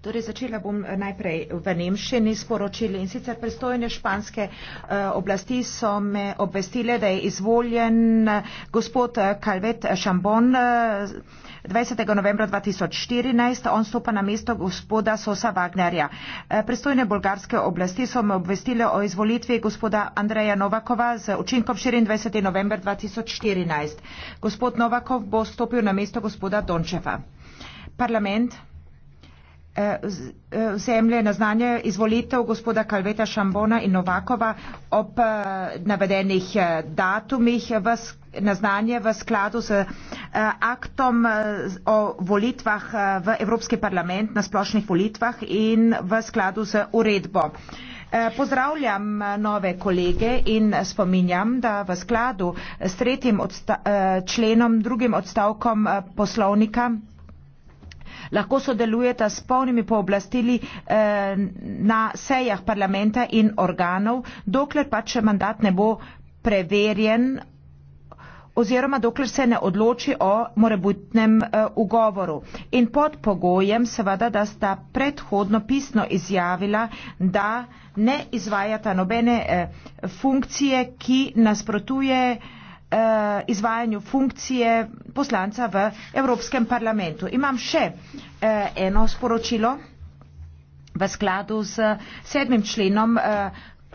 Torej, začela bom eh, najprej v Nemščini sporočili in sicer pristojne španske eh, oblasti so me obvestile, da je izvoljen eh, gospod Calvet Šambon 20. novembra 2014, on stopa na mesto gospoda Sosa Wagnerja. Pristojne bolgarske oblasti so me obvestile o izvolitvi gospoda Andreja Novakova z učinkom 24. novembra 2014. Gospod Novakov bo stopil na mesto gospoda Dončeva. Parlament. Eh, eh, vzemlje na znanje izvolitev gospoda Kalveta Šambona in Novakova ob eh, navedenih datumih v, na znanje v skladu z aktom o volitvah v Evropski parlament na splošnih volitvah in v skladu z uredbo. Pozdravljam nove kolege in spominjam, da v skladu s tretjim odsta, členom, drugim odstavkom poslovnika lahko sodelujeta s polnimi pooblastili eh, na sejah parlamenta in organov, dokler pa če mandat ne bo preverjen oziroma dokler se ne odloči o morebitnem eh, ugovoru. In pod pogojem seveda, da sta predhodno pisno izjavila, da ne izvajata nobene eh, funkcije, ki nasprotuje eh, Eh, izvajanju funkcije poslanca v Evropskem parlamentu. Imam še eh, eno sporočilo v skladu z sedmim členom eh,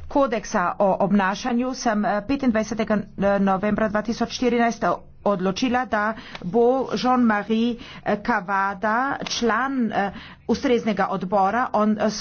kodeksa o obnašanju. Sem 25. novembra 2014 odločila, da bo Jean-Marie Cavada član ustreznega odbora. On